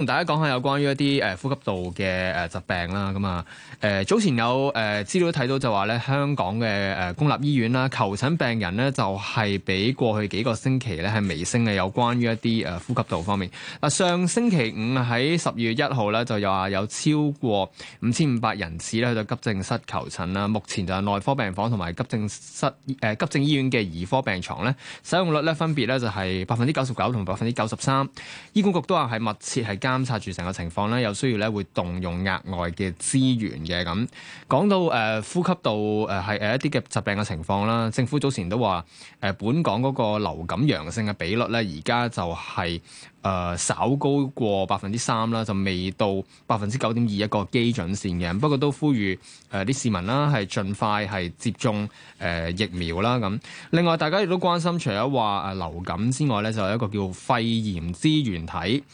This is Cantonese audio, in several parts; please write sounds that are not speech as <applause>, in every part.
同大家講下有關於一啲誒呼吸道嘅誒疾病啦，咁啊誒早前有誒、呃、資料睇到就話咧，香港嘅誒公立醫院啦，求診病人咧就係、是、比過去幾個星期咧係微升嘅，有關於一啲誒呼吸道方面。嗱，上星期五喺十二月一號咧就話有超過五千五百人次咧去到急症室求診啦。目前就係內科病房同埋急症室誒急症醫院嘅兒科病床咧使用率咧分別咧就係百分之九十九同百分之九十三。醫管局都話係密切係監察住成個情況咧，有需要咧，會動用額外嘅資源嘅。咁講到誒、呃、呼吸道誒係誒一啲嘅疾病嘅情況啦。政府早前都話誒、呃、本港嗰個流感陽性嘅比率咧，而家就係、是、誒、呃、稍高過百分之三啦，就未到百分之九點二一個基準線嘅。不過都呼籲誒啲市民啦，係儘快係接種誒、呃、疫苗啦。咁另外，大家亦都關心，除咗話誒流感之外咧，就有一個叫肺炎支原體。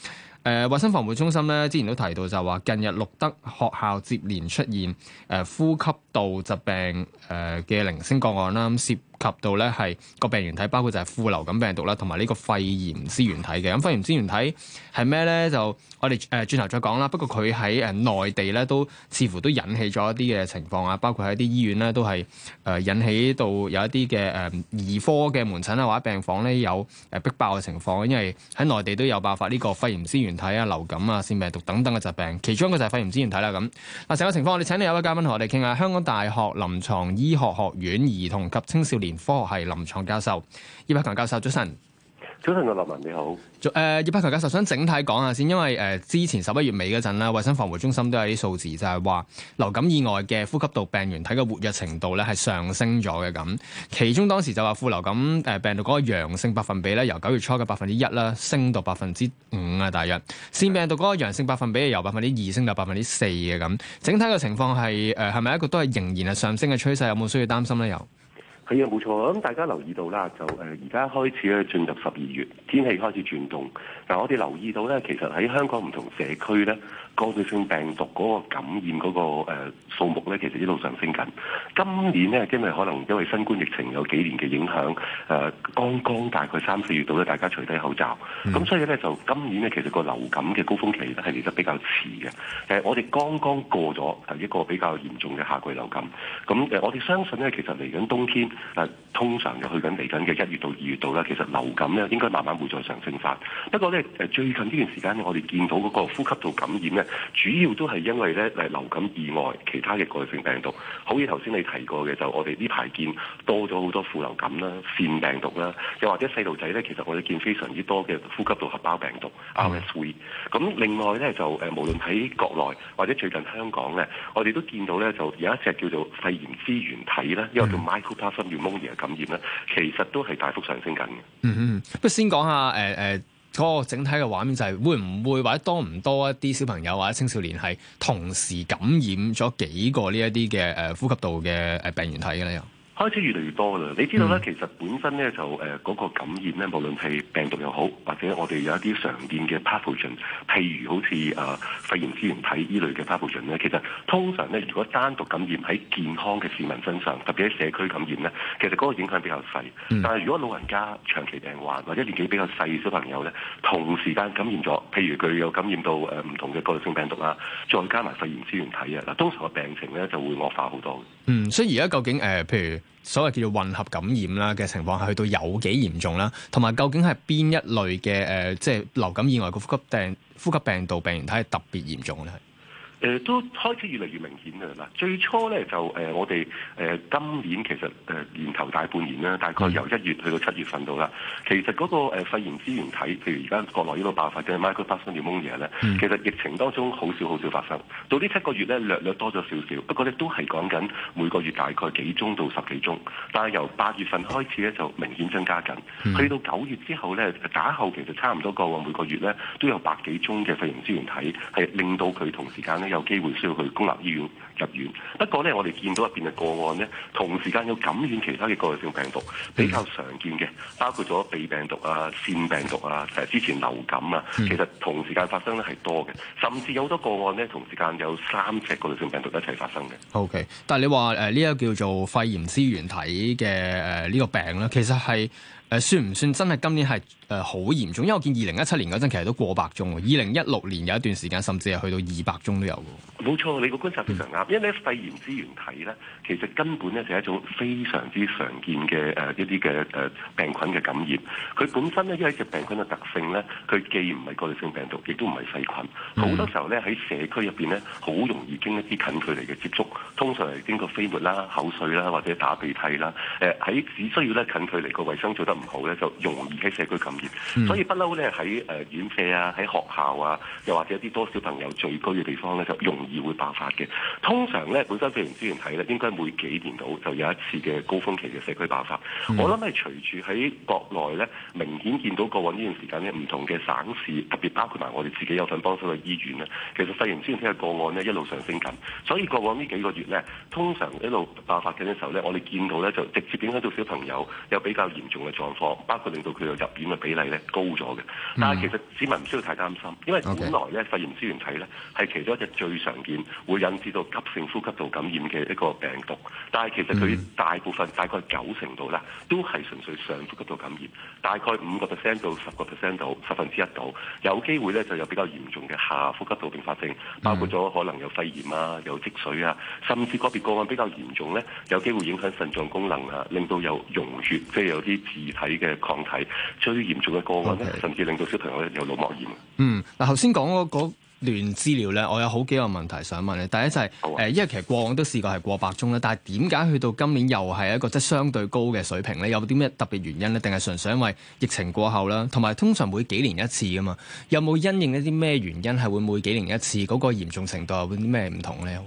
誒衞生防護中心咧，之前都提到就話，近日錄得學校接連出現、呃、呼吸道疾病誒嘅、呃、零星個案啦，嗯及到咧係個病原體，包括就係副流感病毒啦，同埋呢個肺炎支原體嘅。咁肺炎支原體係咩咧？就我哋誒轉頭再講啦。不過佢喺誒內地咧，都似乎都引起咗一啲嘅情況啊。包括喺啲醫院咧，都係誒引起到有一啲嘅誒兒科嘅門診啊，或者病房咧有誒逼爆嘅情況。因為喺內地都有爆發呢個肺炎支原體啊、流感啊、腺病毒等等嘅疾病，其中一個就係肺炎支原體啦。咁嗱，成個情況，我哋請嚟有一位嘉賓同我哋傾下，香港大學臨床醫學學院兒童及青少年連科學系臨床教授葉柏強教授，早晨，早晨，嘅立文，你好。誒、呃，葉柏強教授，想整體講下先，因為誒、呃、之前十一月尾嗰陣咧，衛生防護中心都有啲數字，就係、是、話流感以外嘅呼吸道病原體嘅活躍程度咧係上升咗嘅。咁其中當時就話副流感誒病毒嗰個陽性百分比咧，由九月初嘅百分之一啦，升到百分之五啊，大約腺病毒嗰個陽性百分比由百分之二升到百分之四嘅咁。整體嘅情況係誒係咪一個都係仍然係上升嘅趨勢？有冇需要擔心咧？又？係啊，冇錯，咁大家留意到啦，就誒而家開始咧，進入十二月，天氣開始轉凍，但我哋留意到咧，其實喺香港唔同社區咧，剛性病毒嗰個感染嗰個誒數目咧，其實一路上升緊。今年呢，因為可能因為新冠疫情有幾年嘅影響，誒剛剛大概三四月度咧，大家除低口罩，咁所以咧就今年呢，其實個流感嘅高峰期咧係嚟得比較遲嘅。誒，我哋剛剛過咗一個比較嚴重嘅夏季流感，咁誒我哋相信呢，其實嚟緊冬天誒通常就去緊嚟緊嘅一月到二月度咧，其實流感咧應該慢慢會再上升翻。不過咧誒最近呢段時間咧，我哋見到嗰個呼吸道感染咧。主要都係因為咧，誒，流感以外，其他嘅過濾性病毒，好似頭先你提過嘅，就我哋呢排見多咗好多副流感啦、腺病毒啦，又或者細路仔咧，其實我哋見非常之多嘅呼吸道合胞病毒 RSV。咁、mm hmm. 嗯、另外咧，就誒，無論喺國內或者最近香港咧，我哋都見到咧，就有一隻叫做肺炎支原體啦，因為叫 Mycoplasma pneumonia、um、感染啦，mm hmm. 其實都係大幅上升緊嘅。嗯嗯、mm，不、hmm. 如先講下誒誒。呃呃嗰個整體嘅畫面就係會唔會，或者多唔多一啲小朋友或者青少年係同時感染咗幾個呢一啲嘅誒呼吸道嘅誒病原體嘅咧又？開始越嚟越多㗎啦！你知道咧，其實本身咧就誒嗰個感染咧，無論係病毒又好，或者我哋有一啲常見嘅 pathogen，譬如好似啊肺炎支原體依類嘅 pathogen 咧，其實通常咧如果單獨感染喺健康嘅市民身上，特別喺社區感染咧，其實嗰個影響比較細。但係如果老人家長期病患或者年紀比較細小,小朋友咧，同時間感染咗，譬如佢有感染到誒唔同嘅過濾性病毒啦，再加埋肺炎支原體啊，嗱通常嘅病情咧就會惡化好多嘅。嗯，所以而家究竟誒、呃、譬如？所謂叫做混合感染啦嘅情況係去到有幾嚴重啦，同埋究竟係邊一類嘅誒、呃，即係流感以外嘅呼吸病、呼吸病毒病原體係特別嚴重咧。誒都開始越嚟越明顯㗎啦！最初咧就誒、呃、我哋誒、呃、今年其實誒、呃、年頭大半年啦，大概由一月去到七月份到啦。其實嗰、那個、呃、肺炎支原體，譬如而家國內呢個爆發就嘅、是、Mycoplasma 發生黏檬嘢咧，so onia, 嗯、其實疫情當中好少好少發生。到呢七個月咧略略多咗少少，不過咧都係講緊每個月大概幾宗到十幾宗。但係由八月份開始咧就明顯增加緊，去到九月之後咧打後其實差唔多個個每個月咧都有百幾宗嘅肺炎支原體，係令到佢同時間咧有機會需要去公立醫院入院，不過呢，我哋見到入邊嘅個案呢，同時間有感染其他嘅過濾性病毒比較常見嘅，包括咗鼻病毒啊、腺病毒啊、誒之前流感啊，其實同時間發生呢係多嘅，甚至有好多個案呢，同時間有三隻過濾性病毒一齊發生嘅。Okay，但係你話誒呢個叫做肺炎支原體嘅誒呢個病呢，其實係。誒算唔算真係今年係誒好嚴重？因為我見二零一七年嗰陣其實都過百宗，二零一六年有一段時間甚至係去到二百宗都有嘅。冇錯，你個觀察非常啱，嗯、因為呢肺炎支原體咧，其實根本咧就係一種非常之常見嘅誒、呃、一啲嘅誒病菌嘅感染。佢本身呢，因為隻病菌嘅特性咧，佢既唔係過濾性病毒，亦都唔係細菌。好、嗯、多時候咧喺社區入邊咧，好容易經一啲近距離嘅接觸，通常係經過飛沫啦、口水啦或者打鼻涕啦。誒、呃、喺只需要咧近距離個衞生做得。唔好咧，就容易喺社區感染，所以不嬲咧喺誒院舍啊，喺學校啊，又或者一啲多小朋友聚居嘅地方咧，就容易會爆發嘅。通常咧，本身肺炎支原體咧，應該每幾年度就有一次嘅高峰期嘅社區爆發。嗯、我諗係隨住喺國內咧，明顯見到過往呢段時間咧，唔同嘅省市，特別包括埋我哋自己有份幫手嘅醫院咧，其實肺炎支原體嘅個案呢，一路上升緊。所以過往呢幾個月咧，通常一路爆發緊嘅時候咧，我哋見到咧就直接影響到小朋友有比較嚴重嘅狀況。狀況包括令到佢又入院嘅比例咧，高咗嘅，但係其實市民唔需要太擔心，因為本來咧肺 Okay. 炎支原體咧，係其中一隻最常見會引致到急性呼吸道感染嘅一個病毒，但係其實佢大部分 <noise> 大概九成度啦，都係純粹上呼吸道感染，大概五個 percent 到十個 percent 到十分之一度有機會咧，就有比較嚴重嘅下呼吸道併發症，包括咗可能有肺炎啊、有積水啊，甚至個別個案比較嚴重咧，有機會影響腎臟功能啊，令到有溶血即係有啲體嘅抗體，最嚴重嘅個案咧，Okay. 甚至令到小朋友有腦膜炎。嗯，嗱，頭先講嗰段資料咧，我有好幾個問題想問咧。第一就係、是、誒，吧因為其實過往都試過係過百宗啦，但係點解去到今年又係一個即係相對高嘅水平咧？有啲咩特別原因咧？定係純粹因為疫情過後啦，同埋通常每幾年一次噶嘛？有冇因應一啲咩原因係會每幾年一次嗰個嚴重程度有啲咩唔同咧？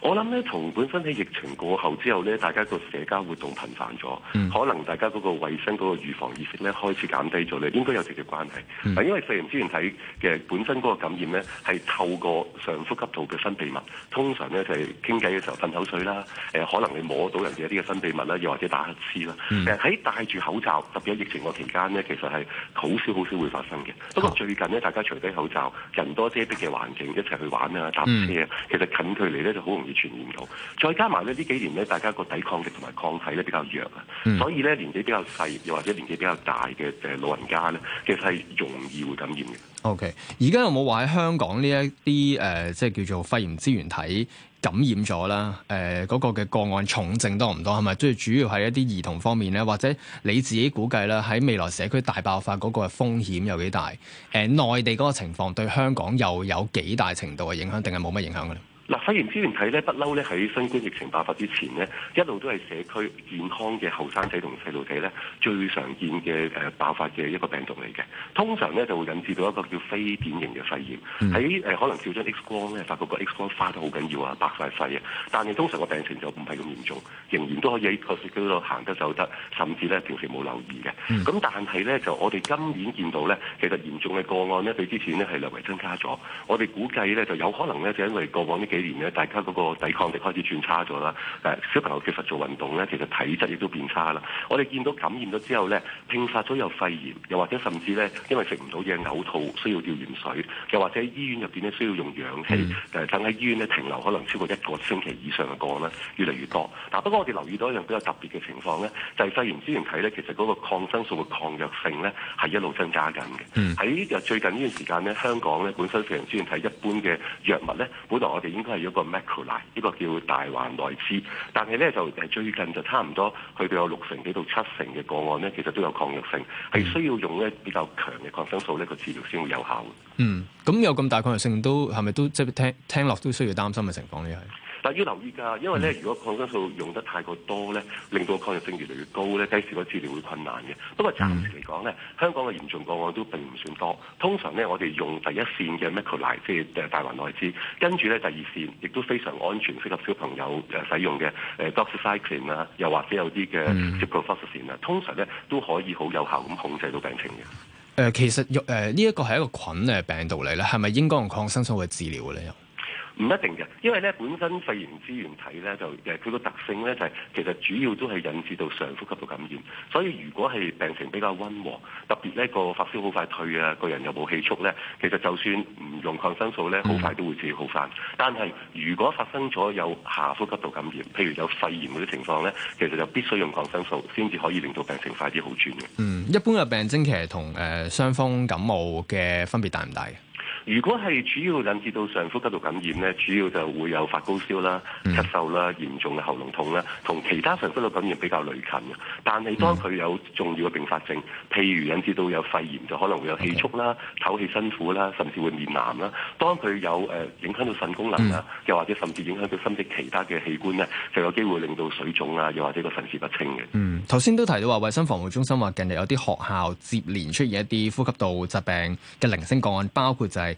我諗咧，同本身喺疫情過後之後咧，大家個社交活動頻繁咗，嗯、可能大家嗰個衞生嗰、嗰個預防意識咧開始減低咗咧，應該有直接關係。嗯、因為肺炎支原體嘅本身嗰個感染咧，係透過上呼吸道嘅分泌物，通常咧就係傾偈嘅時候噴口水啦，可能你摸到人哋一啲嘅分泌物啦，又或者打乞嗤啦，喺、嗯呃、戴住口罩，特別喺疫情個期間咧，其實係好少好少會發生嘅。不過的最近咧，大家除低口罩，人多擠迫嘅環境一齊去玩啊、搭車啊，嗯、其實近距離咧就好容傳染到，再加埋咧呢幾年咧，大家個抵抗力同埋抗體咧比較弱啊，嗯、所以咧年紀比較細，又或者年紀比較大嘅誒老人家咧，其實係容易會感染嘅。O K，而家有冇話喺香港呢一啲誒，即、呃、係叫做肺炎支原體感染咗啦？誒、呃，嗰、那個嘅個案重症多唔多？係咪？即係主要係一啲兒童方面咧，或者你自己估計啦，喺未來社區大爆發嗰個風險有幾大？誒、呃，內地嗰個情況對香港又有幾大程度嘅影響，定係冇乜影響嘅咧？嗱，肺炎支原體咧，不嬲咧喺新冠疫情爆發之前咧，一路都係社區健康嘅後生仔同細路仔咧最常見嘅誒爆發嘅一個病毒嚟嘅。通常咧就會引致到一個叫非典型嘅肺炎，喺誒可能照張 X 光咧，發覺個 X 光花得好緊要啊，白晒肺啊。但係通常個病情就唔係咁嚴重，仍然都可以喺個社區度行得走得，甚至咧平時冇留意嘅。咁、嗯、但係咧就我哋今年見到咧，其實嚴重嘅個案咧比之前咧係略為增加咗。我哋估計咧就有可能咧就因為過往呢幾年咧，大家嗰個抵抗力開始轉差咗啦。誒，小朋友其實做運動咧，其實體質亦都變差啦。我哋見到感染咗之後咧，併發咗有肺炎，又或者甚至咧，因為食唔到嘢嘔吐，需要吊鹽水，又或者喺醫院入邊咧需要用氧氣，誒，mm. 等喺醫院咧停留可能超過一個星期以上嘅個案咧，越嚟越多。嗱，不過我哋留意到一樣比較特別嘅情況咧，就係肺炎支原體咧，其實嗰個抗生素嘅抗藥性咧係一路增加緊嘅。喺最近呢段時間咧，香港咧本身肺炎支原體一般嘅藥物咧，本來我哋已經係一個 m a c r o 呢個叫大環內酯。但係咧就係最近就差唔多去到有六成幾到七成嘅個案咧，其實都有抗藥性，係、嗯、需要用咧比較強嘅抗生素呢個治療先會有效。嗯，咁有咁大抗藥性都係咪都即係聽聽落都需要擔心嘅情況咧係？但要留意㗎，因為咧，如果抗生素用得太過多咧，令到抗藥性越嚟越高咧，屆時個治療會困難嘅。不過暫時嚟講咧，香港嘅嚴重個案都並唔算多。通常咧，我哋用第一線嘅 macrolide，即係誒大環內酯，跟住咧第二線亦都非常安全，適合小朋友誒使用嘅誒、呃、doxycycline 啊，又或者有啲嘅 cephalosporin 啊，通常咧都可以好有效咁控制到病情嘅。誒、呃，其實用呢一個係一個菌誒病毒嚟咧，係咪應該用抗生素去治療咧？唔一定嘅，因為咧，本身肺炎支原體咧就誒佢個特性咧就係、是、其實主要都係引致到上呼吸道感染，所以如果係病情比較温和，特別呢個發燒好快退啊，個人又冇氣促咧，其實就算唔用抗生素咧，好快都會自己好翻。嗯、但係如果發生咗有下呼吸道感染，譬如有肺炎嗰啲情況咧，其實就必須用抗生素先至可以令到病情快啲好轉嘅。嗯，一般嘅病徵其實同誒傷風感冒嘅分別大唔大？如果係主要引致到上呼吸道感染呢，主要就會有發高燒啦、咳嗽啦、嚴重嘅喉嚨痛啦，同其他上呼吸道感染比較類近嘅。但係當佢有重要嘅併發症，譬如引致到有肺炎，就可能會有氣促啦、唞氣辛苦啦，甚至會面藍啦。當佢有誒影響到腎功能啦、嗯、又或者甚至影響到身體其他嘅器官呢，就有機會令到水腫啊，又或者個神志不清嘅。嗯，頭先都提到話，衛生防護中心話近日有啲學校接連出現一啲呼吸道疾病嘅零星個案，包括就係、是。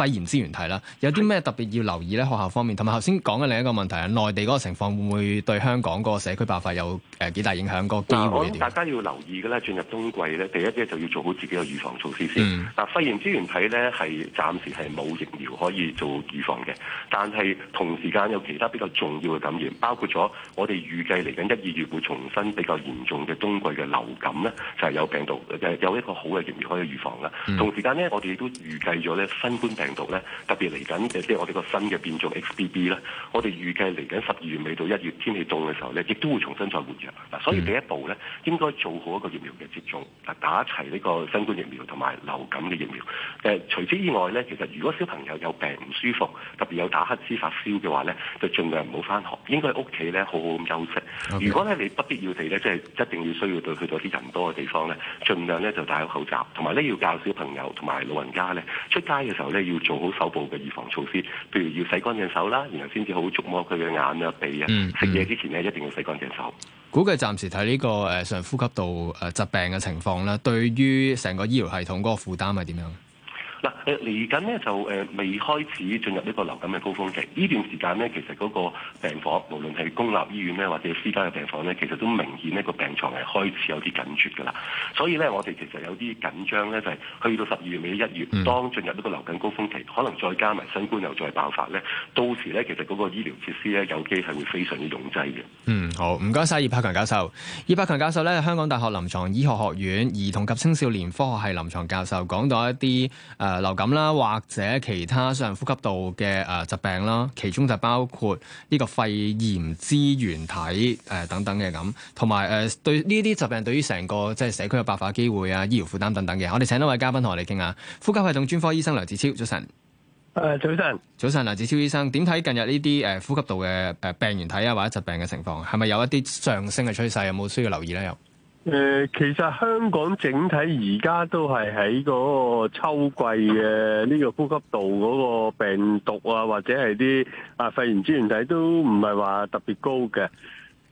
肺炎支原體啦，有啲咩特別要留意咧？學校方面，同埋頭先講嘅另一個問題，內地嗰個情況會唔會對香港嗰個社區爆發有誒、呃、幾大影響？個機會大家要留意嘅咧，進入冬季咧，第一嘢就要做好自己嘅預防措施先。嗱、嗯，肺炎支原體咧係暫時係冇疫苗可以做預防嘅，但係同時間有其他比較重要嘅感染，包括咗我哋預計嚟緊一、二月會重新比較嚴重嘅冬季嘅流感咧，就係、是、有病毒誒，有一個好嘅疫苗可以預防啦。嗯、同時間咧，我哋亦都預計咗咧新冠病。病咧，嗯、特別嚟緊嘅，即係我哋個新嘅變種 XBB 咧，我哋預計嚟緊十二月尾到一月，天氣凍嘅時候咧，亦都會重新再活躍。嗱，所以第一步咧，應該做好一個疫苗嘅接種，嗱，打齊呢個新冠疫苗同埋流感嘅疫苗。誒、呃，除此之外咧，其實如果小朋友有病唔舒服，特別有打乞嗤、發燒嘅話咧，就儘量唔好翻學，應該喺屋企咧好好咁休息。如果咧你不必要地咧，即係一定要需要對去到啲人多嘅地方咧，儘量咧就戴口罩，同埋咧要教小朋友同埋老人家咧出街嘅時候咧要。做好手部嘅預防措施，譬如要洗乾淨手啦，然後先至好好觸摸佢嘅眼啊、鼻啊。嗯、嗯、食嘢之前咧，一定要洗乾淨手。估計暫時睇呢個誒上呼吸道誒疾病嘅情況啦，對於成個醫療系統嗰個負擔係點樣？嚟緊呢就誒未開始進入呢個流感嘅高峰期，呢段時間呢，其實嗰個病房，無論係公立醫院呢，或者私家嘅病房呢，其實都明顯呢個病床係開始有啲緊缺噶啦。所以呢，我哋其實有啲緊張呢，就係、係、去到十二月尾一月，當進入呢個流感高峰期，可能再加埋新冠又再爆發呢。到時呢，其實嗰個醫療設施呢，有機係會非常之擁擠嘅。嗯，好，唔該晒。葉柏強教授。葉柏強教授呢，香港大學臨床醫學學院兒童及青少年科學系臨床教授，講到一啲誒、呃、流。咁啦，或者其他上呼吸道嘅誒疾病啦，其中就包括呢個肺炎支原體誒、呃、等等嘅咁，同埋誒對呢啲疾病對於成個即係社區嘅爆發機會啊、醫療負擔等等嘅，我哋請多位嘉賓同我哋傾下。呼吸系統專科醫生梁子超，早晨。誒，早晨。早晨，梁子超醫生，點睇近日呢啲誒呼吸道嘅誒病原體啊或者疾病嘅情況？係咪有一啲上升嘅趨勢？有冇需要留意咧？又？誒、呃，其實香港整體而家都係喺嗰個秋季嘅呢個呼吸道嗰個病毒啊，或者係啲啊肺炎支原體都唔係話特別高嘅。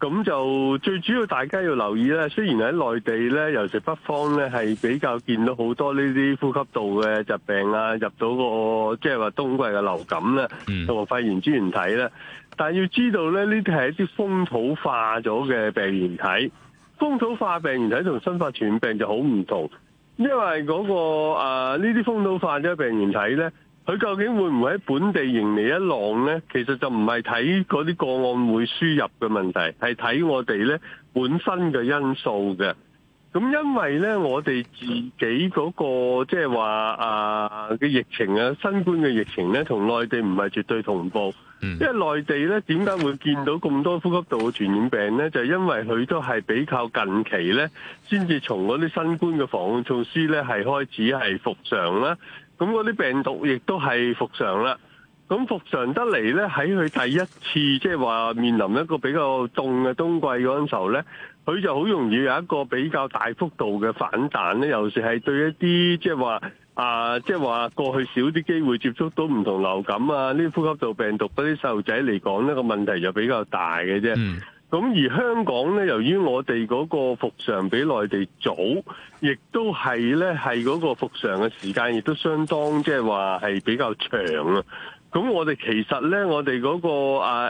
咁就最主要大家要留意咧，雖然喺內地咧，尤其北方咧，係比較見到好多呢啲呼吸道嘅疾病啊，入到，個即係話冬季嘅流感咧，同肺炎支原體咧。但係要知道咧，呢啲係一啲風土化咗嘅病原體。風土化病原體同新發傳染病就好唔同，因為嗰個、誒、呢啲風土化咗病原體呢，佢究竟會唔會喺本地迎嚟一浪呢？其實就唔係睇嗰啲個案會輸入嘅問題，係睇我哋呢本身嘅因素嘅。咁因為咧，我哋自己嗰個即係話啊嘅疫情啊，新冠嘅疫情咧，同內地唔係絕對同步。嗯，因為內地咧，點解會見到咁多呼吸道嘅傳染病咧？就因為佢都係比較近期咧，先至從嗰啲新冠嘅防控措施咧係開始係復常啦。咁嗰啲病毒亦都係復常啦。咁復常得嚟咧，喺佢第一次即係話面臨一個比較凍嘅冬季嗰陣時候咧，佢就好容易有一個比較大幅度嘅反彈咧，尤其係對一啲即係話啊，即係話、呃、過去少啲機會接觸到唔同流感啊，呢啲呼吸道病毒嗰啲細路仔嚟講咧，呢個問題就比較大嘅啫。咁、嗯、而香港呢，由於我哋嗰個復常比內地早，亦都係呢，係嗰個復常嘅時間，亦都相當即係話係比較長啊。咁我哋其實咧，我哋嗰個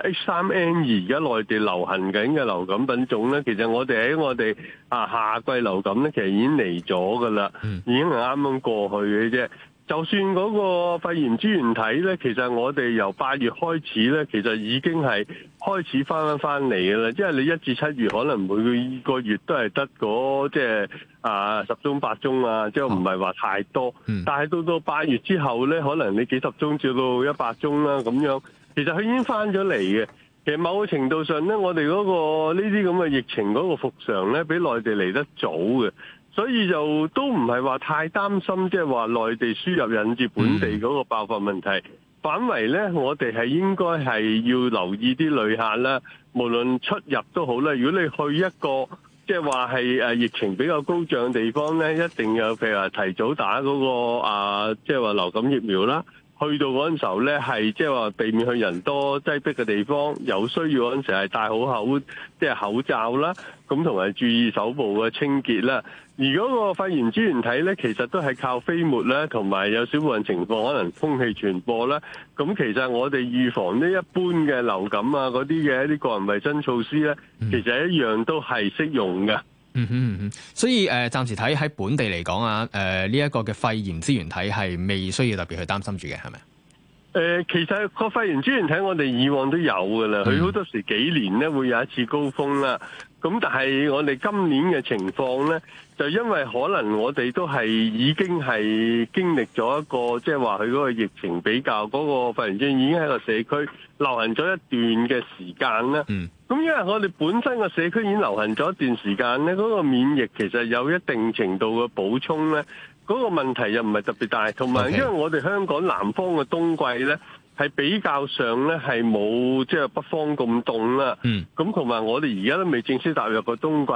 H3N2 而家內地流行緊嘅流感品種咧，其實我哋喺我哋啊夏季流感咧，其實已經嚟咗噶啦，已經係啱啱過去嘅啫。就算嗰個肺炎支原體咧，其實我哋由八月開始咧，其實已經係開始翻翻翻嚟嘅啦。即係你一至七月可能每個月都係得嗰即係啊十宗八宗啊，即係唔係話太多。嗯、但係到到八月之後咧，可能你幾十宗至到一百宗啦、啊、咁樣。其實佢已經翻咗嚟嘅。其實某個程度上咧，我哋嗰、嗰個呢啲咁嘅疫情嗰個復常咧，比內地嚟得早嘅。所以就都唔係話太擔心，即係話內地輸入引致本地嗰個爆發問題，反為咧，我哋係應該，係要留意啲旅客啦，無論出入都好啦。如果你去一個即係話，係誒疫情比較高漲嘅地方咧，一定要譬如話提早打嗰個啊，即係話流感疫苗啦。去到嗰陣時候咧，係即係話避免去人多擠逼嘅地方，有需要嗰陣時，係戴好口即係口罩啦，咁同埋注意手部嘅清潔啦。如果個肺炎支原體咧，其實都係靠飛沫咧，同埋有少部分情況可能空氣傳播啦。咁其實我哋預防呢一般嘅流感啊嗰啲嘅一啲個人衛生措施咧，其實一樣都係適用嘅。嗯哼嗯嗯，所以誒、呃，暫時睇喺本地嚟講啊，誒呢一個嘅肺炎支原體係未需要特別去擔心住嘅，係咪？誒、呃，其實個肺炎支原體我哋以往都有㗎啦，佢好、嗯、多時幾年咧會有一次高峰啦。咁但係我哋今年嘅情況咧，就因為可能我哋都係已經係經歷咗一個，即係話佢嗰個疫情比較嗰、那個肺炎支原體已經喺個社區流行咗一段嘅時間啦。咁、嗯、因為我哋本身個社區已經流行咗一段時間咧，嗰、那個免疫其實有一定程度嘅補充咧。嗰個問題又唔係特別大，同埋因為我哋香港南方嘅冬季呢，係比較上呢，係冇即係北方咁凍啦。嗯。咁同埋我哋而家都未正式踏入個冬季，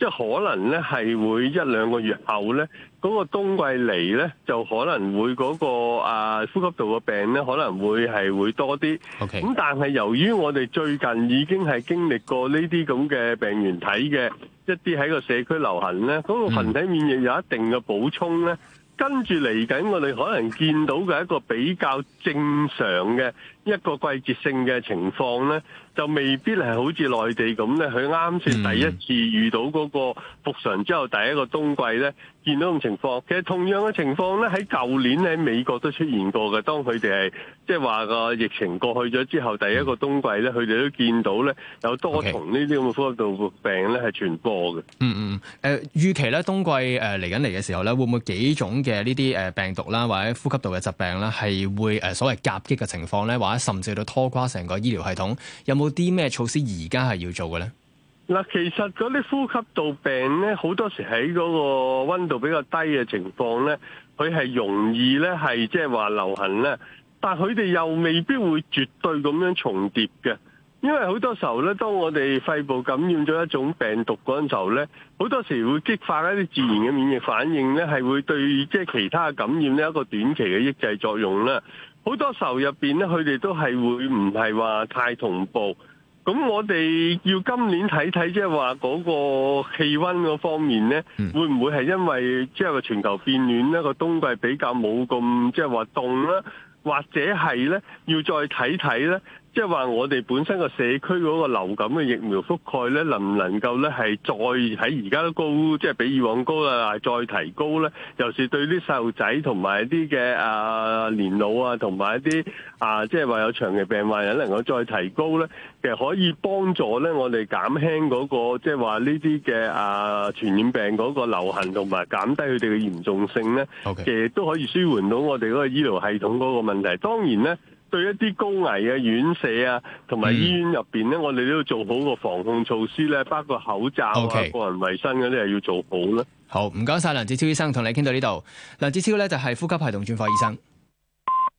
即係可能呢係會一兩個月後呢，嗰個冬季嚟呢，就可能會嗰個呼吸道嘅病呢，可能會係會多啲。咁、嗯、但係由於我哋最近已經係經歷過呢啲咁嘅病原體嘅。一啲喺個社區流行咧，嗰個群體免疫有一定嘅補充咧，跟住嚟緊我哋可能見到嘅一個比較正常嘅一個季節性嘅情況咧。就未必係好似內地咁咧，佢啱先第一次遇到嗰個復常之後第一個冬季咧，見到咁情況，其實同樣嘅情況咧，喺舊年喺美國都出現過嘅。當佢哋係即係話個疫情過去咗之後第一個冬季咧，佢哋都見到咧有多重呢啲咁嘅呼吸道嘅病咧係傳播嘅、嗯。嗯嗯，誒、呃、預期咧冬季誒嚟緊嚟嘅時候咧，會唔會幾種嘅呢啲誒病毒啦，或者呼吸道嘅疾病啦，係會誒、呃、所謂夾擊嘅情況咧，或者甚至到拖垮成個醫療系統有冇？啲咩措施而家係要做嘅咧？嗱，其實嗰啲呼吸道病咧，好多時喺嗰個溫度比較低嘅情況咧，佢係容易咧，係即係話流行咧。但係佢哋又未必會絕對咁樣重疊嘅，因為好多時候咧，當我哋肺部感染咗一種病毒嗰陣時候咧，好多時會激發一啲自然嘅免疫反應咧，係會對即係其他嘅感染呢一個短期嘅抑制作用咧。好多時候入邊咧，佢哋都係會唔係話太同步？咁我哋要今年睇睇，即係話嗰個氣温嗰方面咧，會唔會係因為即係個全球變暖咧？個冬季比較冇咁即係話凍咧，或者係咧，要再睇睇咧。即係話我哋本身個社區嗰個流感嘅疫苗覆蓋咧，能唔能夠咧係再喺而家高，即係比以往高啦，再提高咧，尤其是對啲細路仔同埋一啲嘅啊年老啊，同埋一啲啊即係話有長期病患人，能夠再提高咧，其實可以幫助咧我哋減輕嗰個即係話呢啲嘅啊傳染病嗰個流行同埋減低佢哋嘅嚴重性咧，Okay. 其實都可以舒緩到我哋嗰個醫療系統嗰個問題。當然咧。對一啲高危嘅院舍啊，同埋醫院入邊咧，嗯、我哋都要做好個防控措施咧，包括口罩啊、Okay. 個人衛生嗰啲係要做好啦。好，唔該晒，梁子超醫生，同你傾到呢度。梁子超咧就係呼吸系統專科醫生。